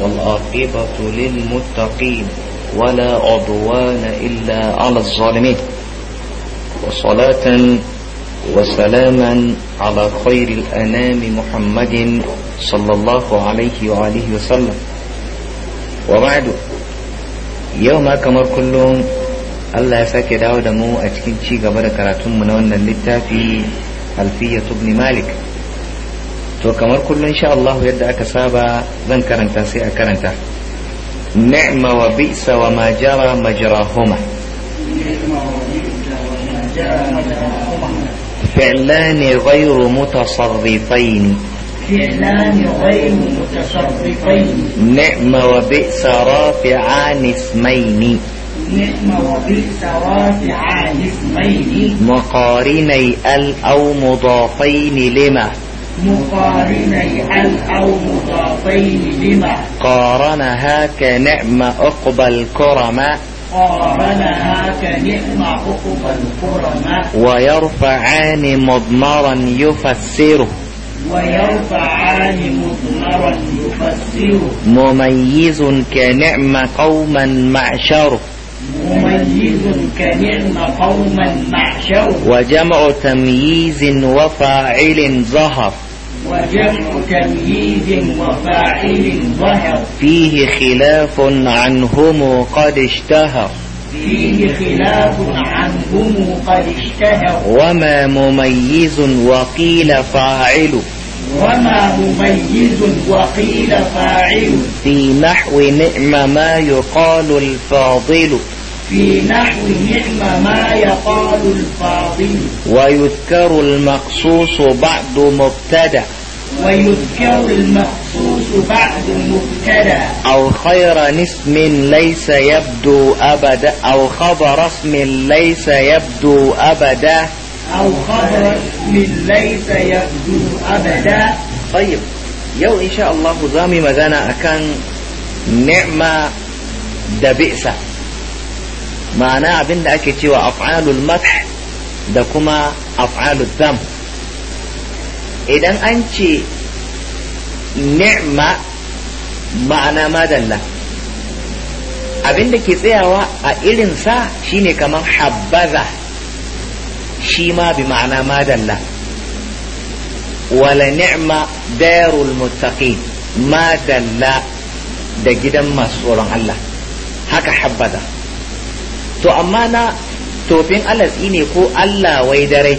والعاقبة للمتقين ولا عدوان إلا على الظالمين وصلاة وسلاما على خير الأنام محمد صلى الله عليه وآله وسلم وبعد يوم أكمر كلهم الله يساك sake dawo أتكين شيء a cikin من gaba da karatunmu na wannan to kamar kullum sha Allah yadda aka saba zan karanta sai a karanta ni'ma wa bi'sa wa ma jara majrahuma فعلان غير متصرفين فعلان غير متصرفين نعم وبئس رافعان اسمين نعم وبئس رافعان اسمين مقارني ال او مضافين لما مقارني هل أو مضافين لما قارنها كنعم أقبى الكرماء قارنها كنعم أقبى الكرماء ويرفعان مضمرا يفسره ويرفعان مضمرا يفسره مميز كنعم قوما معشره مميز كنعم قوما معشره وجمع تمييز وفاعل ظهر وجمع تمييز وفاعل ظهر فيه خلاف عنهم قد اشتهر فيه خلاف عنهم قد اشتهر وما مميز وقيل فاعل وما مميز وقيل فاعل في نحو نعم ما يقال الفاضل في نحو نعم ما يقال الفاضل ويذكر المقصوص بعد مبتدأ ويذكر المخصوص بعد المبتدا أو خير اسم ليس يبدو أبدا أو خبر اسم ليس يبدو أبدا أو خبر اسم ليس يبدو أبدا طيب يو إن شاء الله زامي مغانا أكان نعمة دبئسة معناه abin da ake cewa af'alul madh da kuma af'alul dam idan an ce ni'ma ma'ana madalla abinda ke tsayawa a irinsa shine kamar habbaza shi ma bi ma'ana madalla wala ni'ma darul muttaqin madalla da gidan masu tsoron Allah haka habbaza to amma na tofin alatsi ne ko Allah wai dare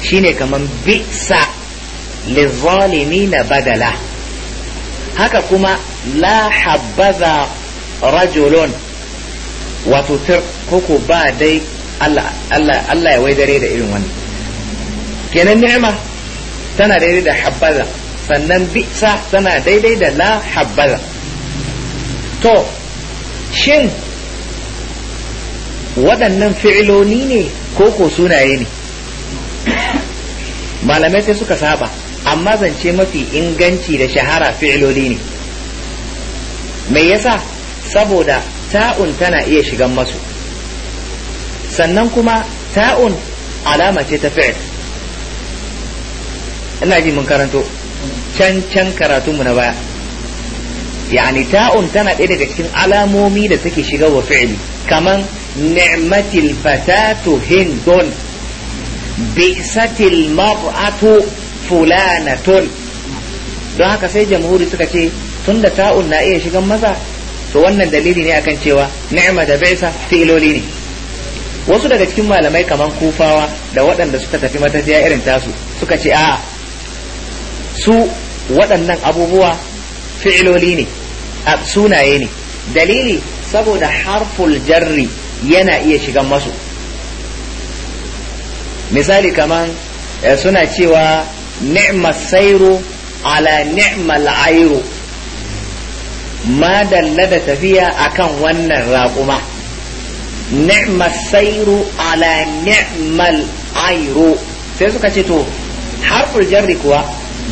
shine kamar bisa lizalimina badala haka kuma la habbaza rajulun wato tir koko ba dai Allah ya dare da irin wannan kenan ni'ima tana daidai da habbaza sannan bi'sa tana daidai da la habbaza to shin waɗannan fi'iloni ne koko sunaye ne malamai sai suka saba amma zance mafi inganci da shahara fi'iloli ne me yasa saboda ta'un tana iya shigan masu sannan kuma ta'un alama ce ta fi'il ina ji mun karanto can can karatunmu na baya yani ta'un tana ɗaya daga cikin alamomi da take shiga wa fi'ili kaman ni'matil fatatu hindun bi'satil mab'atu fulanatun don haka sai jamhuri suka ce tun da ta'un na iya shigan maza to wannan dalili ne akan cewa ni'ma da baisa fi'iloli ne wasu daga cikin malamai kaman kufawa da waɗanda suka tafi matafiya irin tasu suka ce a su waɗannan abubuwa fi'iloli ne a sunaye ne dalili saboda harful jarri yana iya shigan masu misali kaman eh, suna cewa ni'ma sairu ala ni'ma la'airu ma dalla da tafiya akan wannan raƙuma ni'ma sairu ala ni'mal airu sai suka ce to harfin jarri kuwa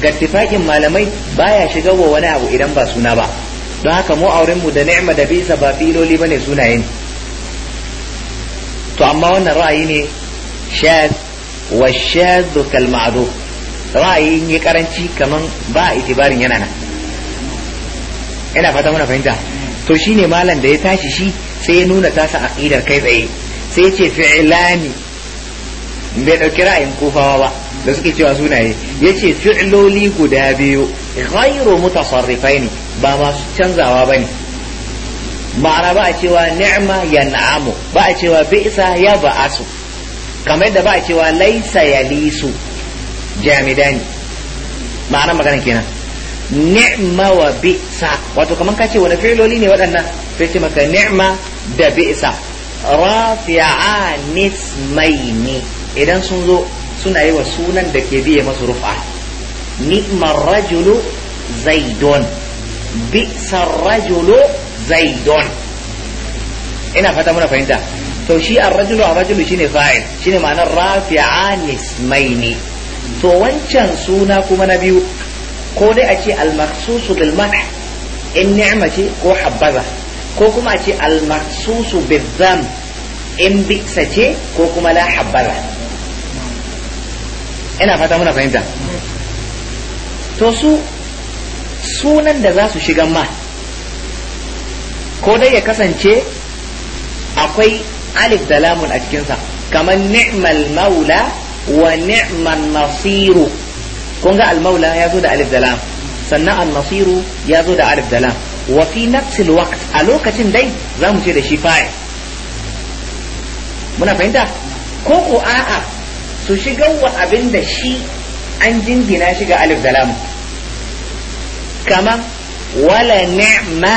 ga tifakin malamai baya shiga wa wani abu idan ba suna ba don haka mu auren mu da ni'ma da bisa ba filoli bane sunayen to amma wannan ra'ayi ne shad wa shaddu kal ma'duf ra'ayin in yi karanci kaman ba a itibarin yana nan ina fata muna fahimta to shine malam da ya tashi shi sai ya nuna tasa aqidar kai tsaye sai ya ce fi'lani bai dauki ra'ayin kofawa ba da suke cewa sunaye Ya yace fi'loli guda biyu ghayru mutasarrifaini ba masu canzawa bane ma'ana ba a cewa ni'ma na'amu ba a cewa bi'sa ya ba'asu kamar da ba a cewa laisa yalisu jamidani ma'anar magana kenan ni'ma wa bi'sa wato ka kace wani fi'iloli ne waɗannan sai ce maka ni'ma da bi'sa rafi'an ismaini idan sun zo suna yi wa sunan da ke biye masu rufa Nima rajulu zaidon Bisa, rajulu zaidon ina fata muna fahimta to shi ar-rajulu ar-rajulu shine fa'il shine ma'anar rafi'an ismaini to wancan suna kuma na biyu ko dai a ce al-maqsusu bil madh in ni'ma ce ko habbaza ko kuma a ce al bil in bi'sa ce ko kuma la habbaza ina fata muna fahimta to su sunan da za su shiga ma ko dai ya kasance akwai alif da lamun a cikinsa kamar ni'mal maula wa ni'man nasiru kun ga almaula ya zo da alif da lam sannan nasiru ya zo da alif da lam wa fi waqt a lokacin dai za mu ce da shi fa'il muna fahimta ko ko a'a su shiga wa abin da shi an jingina shi ga alif da lam kaman wala ni'ma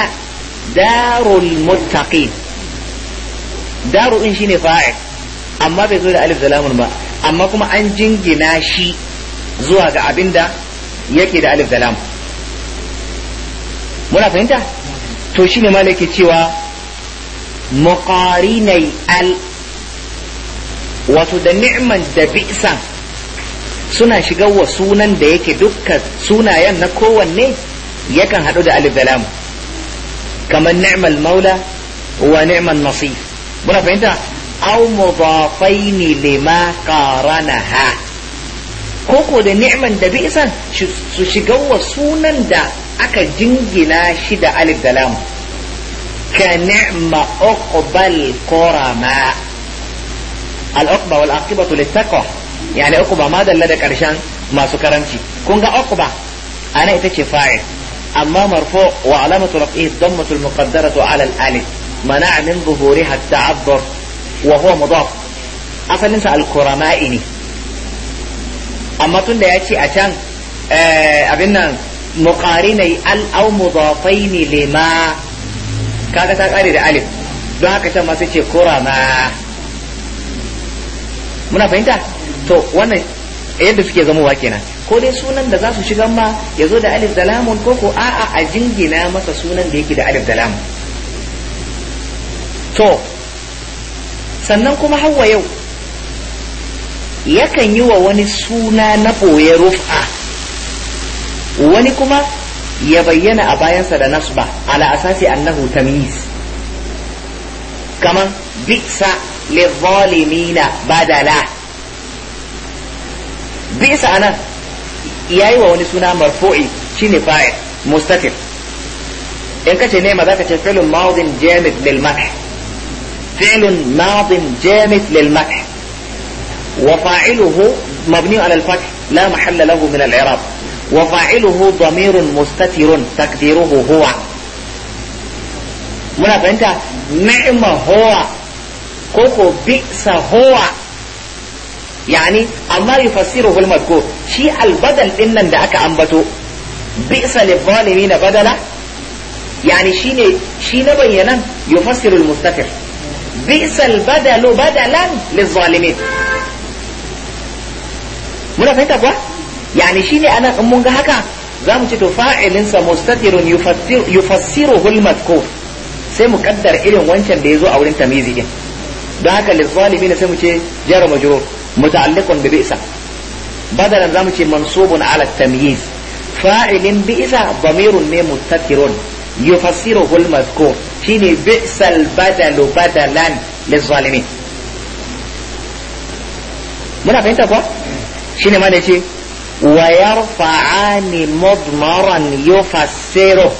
darul muttaqin daru in shine fa'il amma bai zo da alif da ba amma kuma an jingina shi zuwa ga abin da yake da alif da lam muna fahimta to shine ne ke cewa muqarinai al wato da ni'man da bi'sa suna shiga wa sunan da yake dukkan sunayen na kowanne yakan haɗu da alif da lam kamar ni'mal maula wa ni'man nasif muna fahimta au mudafaini lima qaranaha ko da ni'man da isan su shiga wa sunan da aka jingina shi da alif da lam ka ni'ma uqbal qurama al uqba wal aqibatu littaqwa yani uqba ma dalla da karshen masu karamci kun ga uqba ana ita ce fa'il amma marfu wa alamatu rafihi dhammatu al muqaddaratu ala al alif min من ظهورها التعذر wa huwa mudaf asalin al-qurama'i ne amma tun da ya ce a can eh, abin nan muqarinai al aw mudafaini lima kaga ta kare da alif don haka can ma sai ce qurama muna fahimta to wannan yadda suke zamowa kenan ko dai sunan da za su shiga ma ya zo da alif da lamun ko ko a'a a jingina masa sunan da yake da alif da lamun to sannan kuma hawa yau yakan yi wa wani suna na ɓoye rufa wani kuma ya bayyana a bayansa da nasba ala asasi annahu tamyiz kaman bi'sa lizalimina badala bi'sa anan yi wa wani suna marfu'i shine fa'il mustatir in kace ne ma ka ce fi'lun madin jamid lil madh فعل ماض جامد للمدح وفاعله مبني على الفتح لا محل له من العراق وفاعله ضمير مستتر تقديره هو منا فانت نعم هو كوكو بئس هو يعني اما يفسره المذكور شيء البدل ان ذاك انبتو بئس للظالمين بدلا يعني شيء شيء نبينا يفسر المستتر bisal badalu badalan lizzalimin muna fahimta kuwa shi ne anan in mun ga haka za mu ce to fa'ilinsa mustatirun yufassiruhu al sai mu kaddar irin wancan da ya zo a wurin tamizi din don haka lizzalimin sai mu ce jar majrur muta'alliqun bi bi'sa badalan za mu ce mansubun ala tamyiz fa'ilin bi'sa damirun ne mustatirun yufassiruhu al-madhkur shine bi'sal badalu badalan lizzalimin muna fahimta kuwa shine ma da ce wa yarfa'ani mudmaran yufassiru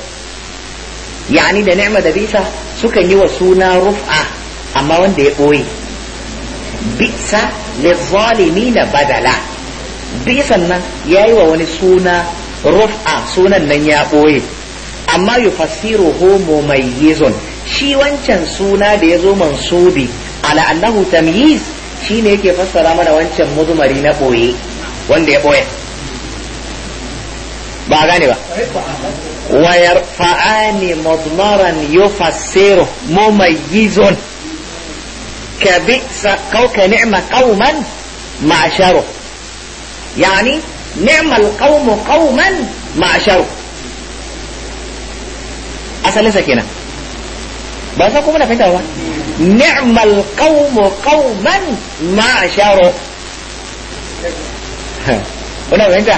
yani da ni'ma da bisa sukan yi wa suna ruf'a amma wanda ya boye bisa na badala bisan nan yi wa wani suna ruf'a sunan nan ya boye amma yufassiruhu mumayyizun shi wancan suna da yazo mansubi ala annahu tamyiz shine yake fassara mana wancan muzumari na boye wanda ya boye ba gane ba wa yarfa'ani mudmaran yufassiru mumayyizun ka bi'sa kauka ni'ma qauman ma'sharu yani ni'mal qawmu qauman ma'sharu asalinsa kenan ba sa kuma na fahimta ba ni'mal qawmu qawman ma asharu wala fahimta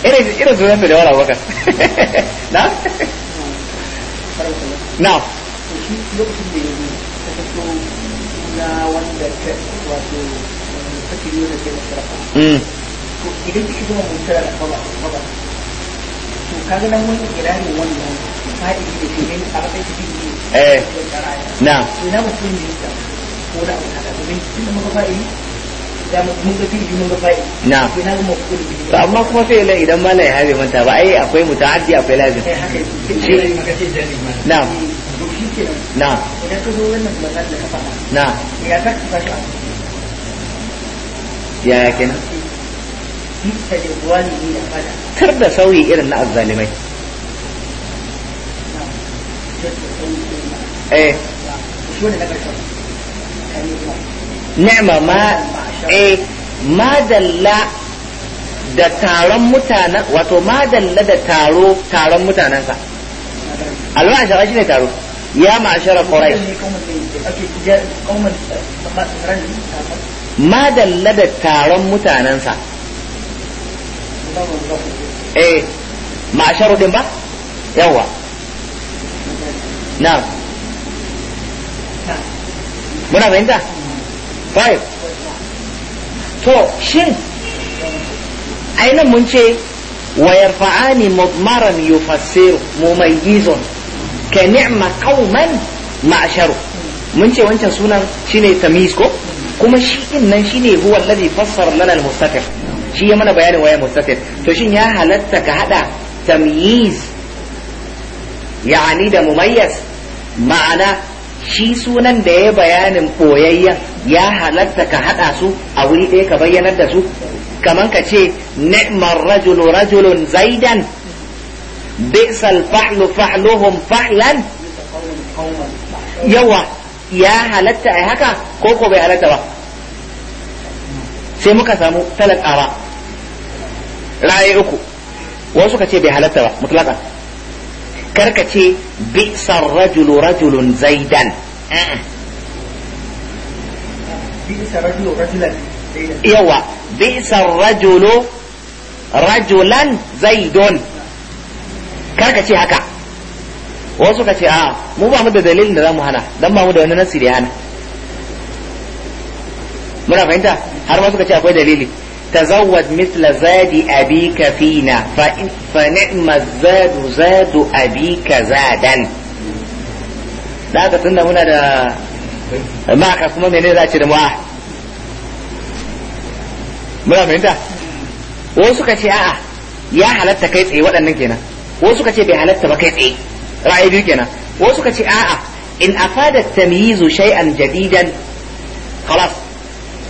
eh da wala baka na na hmm. to idan ki shigo mun tara da baba baba to kaga nan wani kirarin wannan fadi da ke ne a matsayin ki ne eh na ina mutum ta ko da da kin mun fadi da mun ga fili mun ga fadi na to ina mun ku to amma kuma sai la idan mala ya habe manta ba ai akwai mutaaddi akwai lazim eh, na eh, na idan ka zo wannan da ka fara. na ya ka ya kenan kar da sauyi irin na azzalimai eh ni'ma ma eh madalla da taron mutanen wato madalla da taro taron mutanensa alwa shi ne taro ya ma'ashara Ma madalla da taron mutanensa eh ma sharudin ba yawa na muna fahimta five to shin ainihin mun ce wayar fa'ani mudmaran yufassiru mumayyizun ka ni'ma qauman ma'asharu mun ce wancan sunan shine tamiz ko kuma shi nan shine huwa alladhi fassara lana al-mustaqim shi ya mana bayanin waya mustafir to shin ya halatta ka hada tamyiz ya'ani da mumayyaz ma'ana shi sunan da ya bayanin boyayyen ya halatta ka hada su a wuri ɗaya ka bayyana da su kaman ka ce ni'mar rajulu rajulun zaidan bi'sal fahlu fahluhum fahlan yawa ya halatta ai haka ko ko bai halatta ba sai muka samu talat ara ra'ayi uku wasu ka ce bai halatta ba mutlaka karka ce bi rajulu rajulun zaidan yawa bi rajulu rajulan zaidon karka ce haka wasu ka ce a mu ba mu da dalilin da za mu hana dan ba mu da wani nasiri hana muna fahimta har wasu ka ce akwai dalili تزود مثل زاد أبيك فينا فنعم الزاد زاد أبيك زادا لا تتنى هنا دا ما خصم من هنا راتي دموا ملا من دا وسوك شيء آه, آه. يا حالات كيف إيه ولا نجينا وسوك شيء بحالات تبكيس إيه رأي ديك كنا وسوك شيء آه،, آه إن أفاد التمييز شيئا جديدا خلاص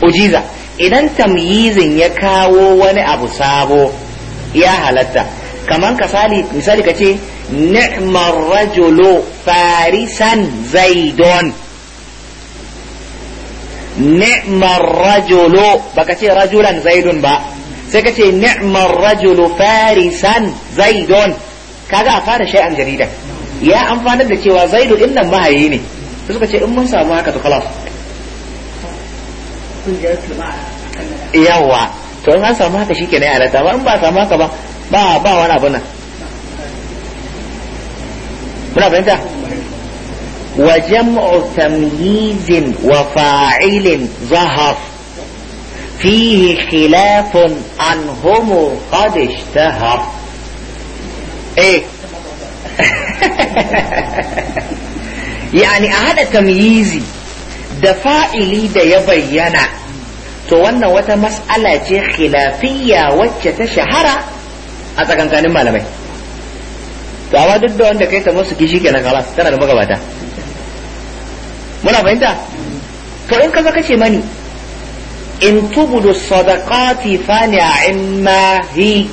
أجيزه idan tamyizin ya kawo wani abu sabo ya halatta kaman kasali misali ka kace ni'mar rajulu farisan zaidon ni'mar rajulu baka ce rajulan zaidun ba sai ka kace ni'mar rajulu farisan zaidon kaga a fara shay'an jarida ya amfanar da cewa zaidu din nan mahayi ne suka ce in mun samu haka to kalaf. yawa to in an samu haka shi kenan ya halatta ba in ba samu haka ba ba ba wani abu nan muna fahimta wa jam'u tamyizin wa fa'ilin zahaf فيه خلاف عنهم قد اشتهر ايه يعني اهدى تمييزي da fa'ili da ya to wannan wata mas'ala ce khilafiyya wacce ta shahara a tsakankanin malamai to amma duk da wanda kai ta musu kishi kenan kalas tana da magabata muna fahimta to in ka ce mani in tubudu sadaqati fa ni'ma hi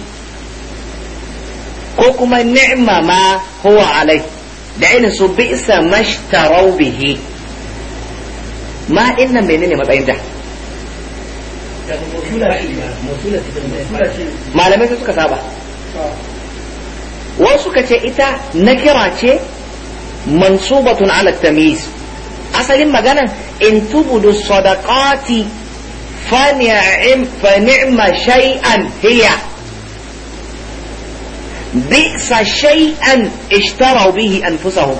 ko kuma ni'ma ma huwa alai da ainihin su bi'sa mashtarau bihi ma ina menene matsayin malamai suka saba wasu suka ce ita nakira ce mansubatun ala tamiz asalin maganan in tubudu sadaqati fa ni'ma shay'an hiya bi'sa shay'an ishtaraw bihi anfusahum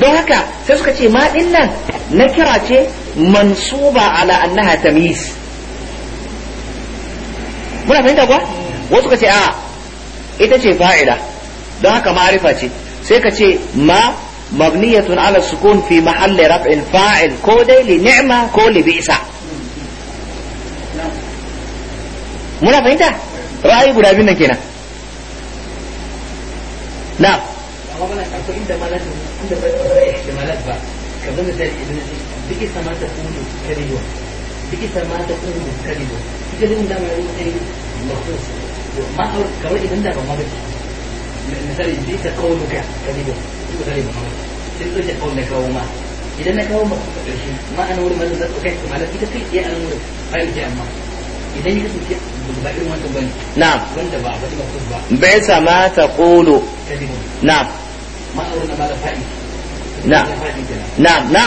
don haka sai suka ce ma din nan nakira ce mansuba ala annaha tamyiz muna fahimta kuwa wasu ka ce a ita ce fa'ila don haka ma'arifa ce sai ka ce ma mabniyatun ala sukun fi mahalli raf'in fa'il ko dai li ni'ma ko li bi'sa muna fahimta ra'ayi guda biyu nan kenan na inda ba بئس ما تقول كذبا بئس ما تقول كذبا ita din da mai wani mafus ma a kawai idan da ba ma gaci misali bi ta kawo duka kadiba ko da ba sai to ta kawo na kawo ma idan na kawo ma ka karshe ma an wurin kai kuma ita kai ya an wurin bai ji amma idan ya kasance ba irin wanda bane na'am wanda ba ba mafus ba bai sa ma ta qulu na'am ma a na ma da fa'i na na na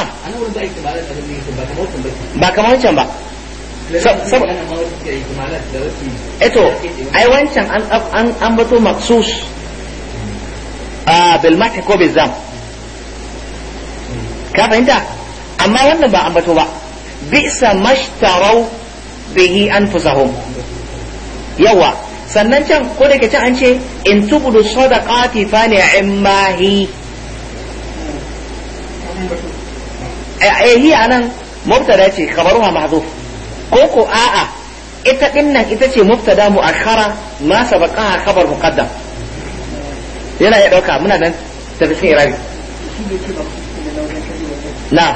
ba kamar wancan ba eto eh ai wancan an an bato maksus a ah, bilmata ko zam. Hmm. ka fahimta amma wannan ba an bato ba bisa mashtarau bihi anfusahum yawa sannan can ko da can an ce in tubudu sadaqati fa Eh, eh, hi anan mubtada ce khabaruha mahzuf ko ko a'a ita dinnan ita ce mubtada muakhara ma sabaqaha khabar muqaddam yana ya dauka muna nan tafi irabi na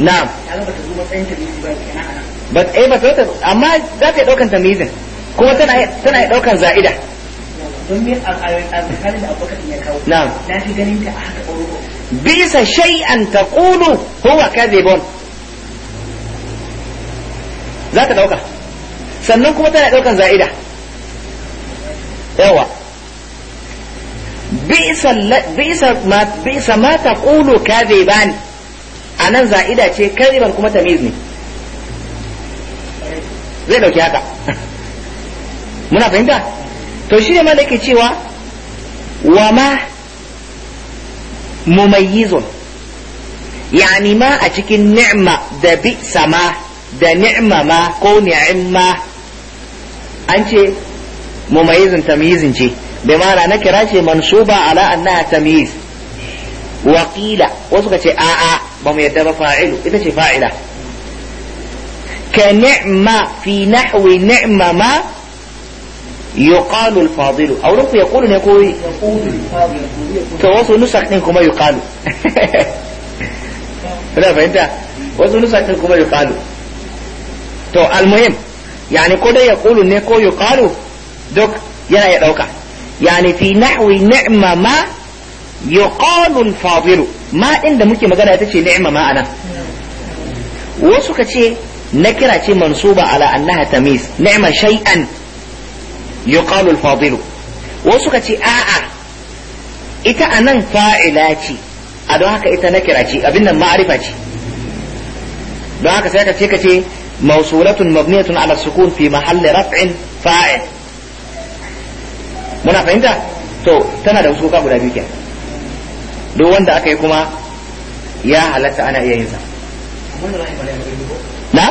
na'am eh, ba ta amma za ta yi tamizin kuma tana yi za'ida bisa me a ta a haka ɓauro bisa za ta ɗauka sannan kuma tana ɗaukan za'ida yawa bisa ma ta ƙulu kaziban a nan za'ida ce kariban kuma tamiz ne zai ɗauki haka muna fahimta to shi ne ma da ke cewa wa ma mumayyizun yani ma a cikin ni'ma da bi sama da ni'ma ma ko ni'imma an ce mumayyizun tamyizin ce bi ma'ana na kira ce mansuba ala annaha tamyiz wa qila wasu ka ce a'a ba mu yadda ba fa'ilu ita ce fa'ila ka ni'ma fi nahwi ni'ma ma yuqalu al-fadilu a wurin ku ne ko to wasu nusak din yuqalu kuna fahimta wasu nusak din yuqalu to almuhim yani ko dai yaqulu ne ko yuqalu duk yana ya dauka yani fi nahwi ni'ma ma yuqalu al ma din da muke magana ita ce ni'ma ma anan wasu ka ce nakira ce mansuba ala annaha tamis ni'ma shay'an yuqalu al-fadilu wasu ka a'a ita anan fa'ila ce a don haka ita nakira ce abin nan ma'arifa ce don haka sai ka ce ka ce mawsulatun fi mahalli raf'in fa'il muna fahimta to tana da wasu guda biyu kenan wanda aka yi kuma ya halatta ana iya yin sa na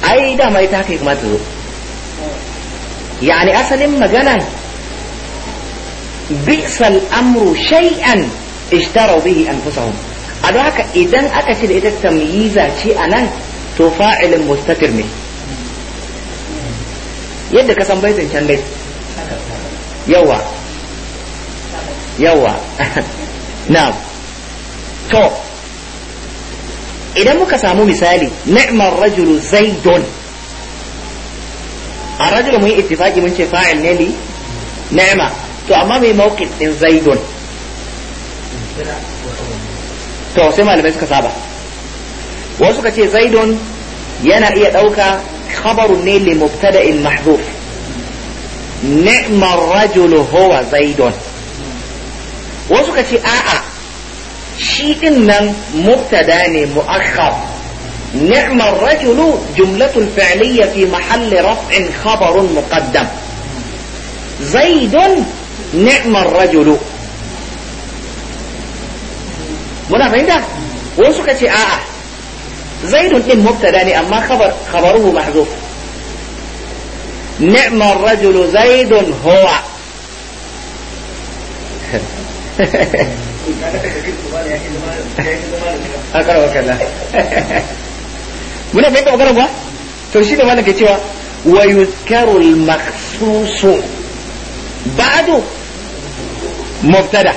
ai dama ita haka ya ta zo yani asalin maganan bi'sal amru shay'an ishtaraw bihi anfusahum a don haka idan aka ce da ita tamyiza ce a nan to fa'ilin mustatir ne yadda ka san baitin can dai yawa yawa na to idan muka samu misali ni'mar rajulu zaidun a rajulu mun yi ittifaki mun ce fa'il ne li ni'ma to amma mai mawqif din zaidun to sai malamai suka saba wasu suka ce zaidun yana iya ɗauka khabarun ne li mubtada'in mahdhuf ni'mar rajulu huwa zaidun wasu suka ce a'a شيء من مبتداني مؤخر نعم الرجل جملة فعلية في محل رفع خبر مقدم زيد نعم الرجل منا فهم ده ونسوك آه،, آه زيد إن نعم، مبتداني أما خبر خبره محذوف نعم الرجل زيد هو a karawa kalla muna fahimta magana ba to shi da malam ke cewa wa yuzkaru al-makhsusu ba'du mubtada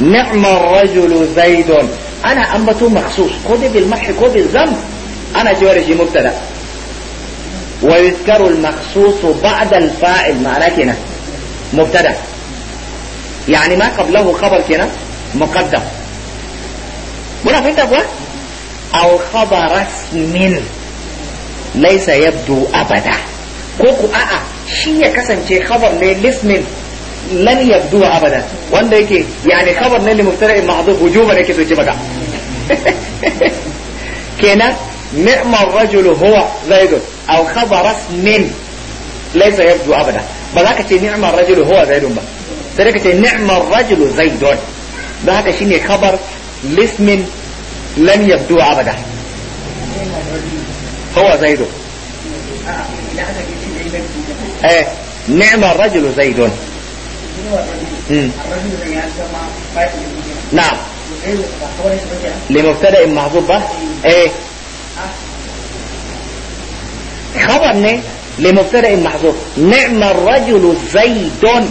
ni'ma ar-rajulu zaidun ana ambato makhsus ko da bil mahh ko bil zam ana cewa da shi mubtada wa yuzkaru al-makhsusu ba'da al-fa'il ma'ana kenan mubtada yani ma qablahu khabar kenan muqaddam muna fahimta kuwa aw min laysa yabdu abada ko ku a'a shi ya kasance khabar ne lismin lan yabdu abada wanda yake yani khabar ne limubtada'in mahdhuf wujuban yake ce baka kenan نعم الرجل هو زيد أو خبر اسم ليس يبدو أبدا بذاك نعم الرجل هو زيد بقى سرقة نعم الرجل زيد هذا شيني خبر لاسم لم يبدو عبدا هو زيد ايه نعم الرجل زيد نعم لمبتدا محظوظ بقى ايه خبرني لمبتدا محظوظ نعم الرجل زيدون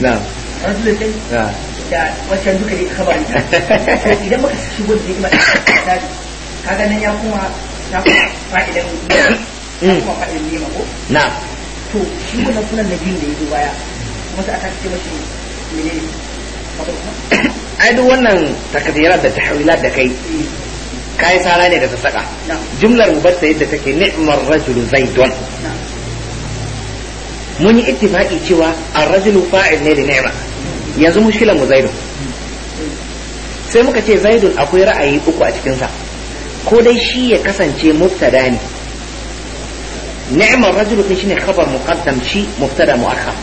na na da wancan duka ne ka bari idan muka shigo da hikima ta kaga nan ya kuma ta kuma fa'idan kuma fa'idan nema ko na to shi wannan sunan na biyu da ya zo baya kuma sai aka ce mashi ne. ai duk wannan takdirar da tahwilat da kai eh. kai sara ne da ta sassaka jumlar mubatta yadda take ni'mar rajulu zaidun mun yi ittifaqi cewa ar-rajulu fa'il ne da ni'ma yanzu mushkilan mu zaidun sai muka ce zaidun akwai ra'ayi uku a cikinsa ko dai shi ya kasance mubtada ne ni'mar rajulu din shine khabar muqaddam shi mubtada muakhar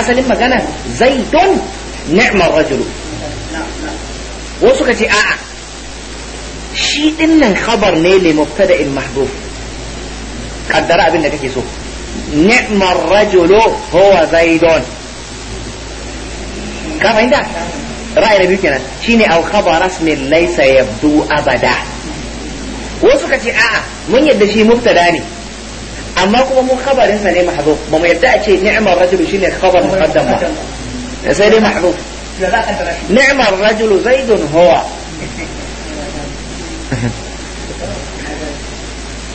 asalin magana zaidun ni'mar rajulu wasu ka ce a'a shi din nan khabar ne li mubtada'in mahdhuf qaddara abin da kake so نعم الرجل هو زيد كما عندك رأي ربيك هنا شيني أو خبر اسم ليس يبدو أبدا وصفك شيء آه من يدشي مبتداني أما كما مو خبر هنا ليه محذوف ما يبدأ شيء نعم الرجل شيني خبر مقدم زيد محذوف نعم الرجل زيد هو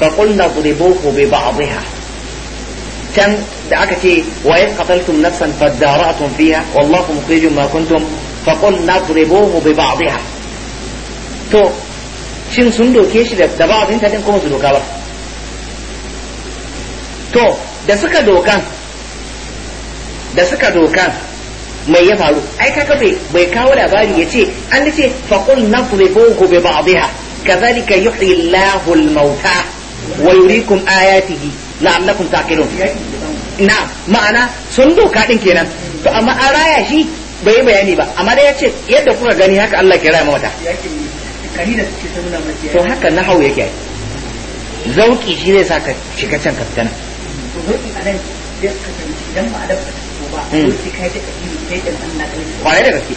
فقلنا اضربوه ببعضها كان دعك وإذ قتلتم نفسا فادارأتم فيها والله مخرج ما كنتم فقلنا اضربوه ببعضها تو shin sun doke shi da ba'azin ta din kuma su doka ba to da suka dokan da suka dokan mai ya faru ai kaka bai bai kawo labari ya ce an ce faqul nadribuhu bi ba'dihha mauta wa yurikum ayatihi la'allakum taqilun na ma'ana sun doka din kenan to amma an raya shi bai bayani ba amma dai yace yadda kuka gani haka Allah ke raya mata to haka na hau yake zauki shi zai sa ka shiga can kaftana hmm. kwarai da gaske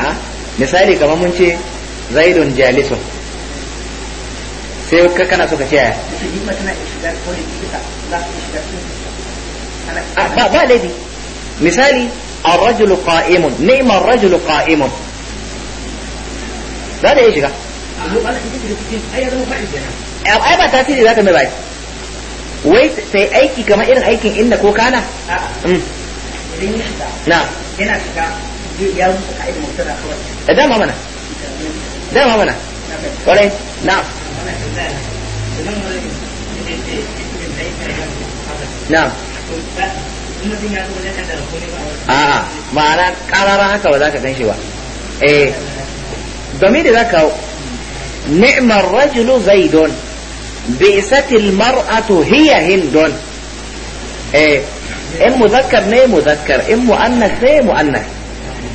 a misali kamar mun ce zaidun jalisun sai ka kana so ka ce ya ah, ba ba laifi misali الرجل qa'imun نعم الرجل قائم za da ya shiga ai ba tasiri za ta mai bai wai sai aiki kamar irin aikin inda ko kana mm. na yana shiga ده ما منع ده ما نعم نعم آه ما أنا كارا راه كوا ذاك كان شوا إيه دميد ذاك نعم الرجل زيدون بئست المرأة هي هندون إيه إم مذكر نعم مذكر إم مؤنث نعم مؤنث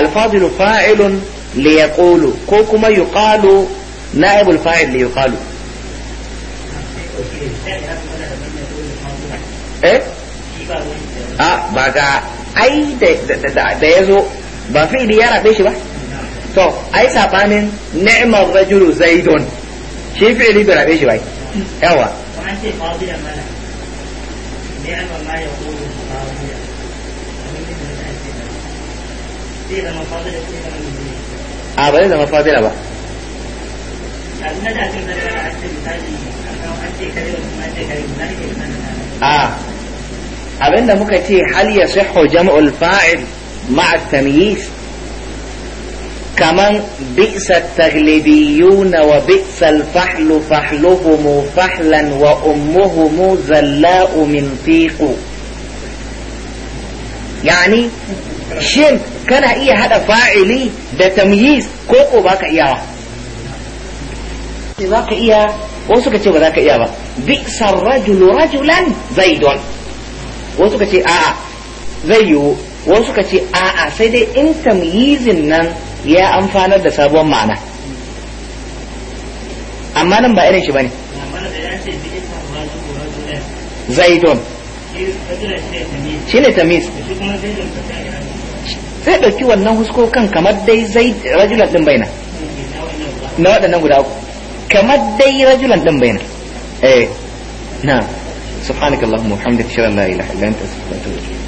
الفاضل fa'ilun ليقول ko kuma yuqalu na'ibul fa'il li yuqalu eh a ah, ba ga ai da ya zo ba fi'ili ya rabe shi ba to ai sabanin ni'mar rajulu zaidun shi fi'ili bai rabe shi ba yawa an ce ni'mar ma yaqulu أبدا إذا ما فاضل أبا يعني آه أبدا ممكن تي هل يصح جمع الفاعل مع التمييز كمان بئس التغليبيون وبئس الفحل فحلهم فحلا وأمهم زلاء من فيق يعني شمت kana iya hada fa'ili da tamyiz ko ko baka iya ba. zaka iya wasu ka ce ba zaka iya ba bi sarrajul rajulan zaidun wasu ka ce a'a zai yiwu wasu ka ce a'a sai dai in tamyizin nan ya amfanar da sabon ma'ana amma nan ba irin shi bane zaidun shi ne tamiz sai ɗauki wannan huskokan kamar dai zai rajulan ɗin baina na waɗannan guda uku kamar dai rajulan ɗin baina eh na subhanakallahumma hamdaka bihamdika la ilaha illa anta astaghfiruka wa atubu ilayk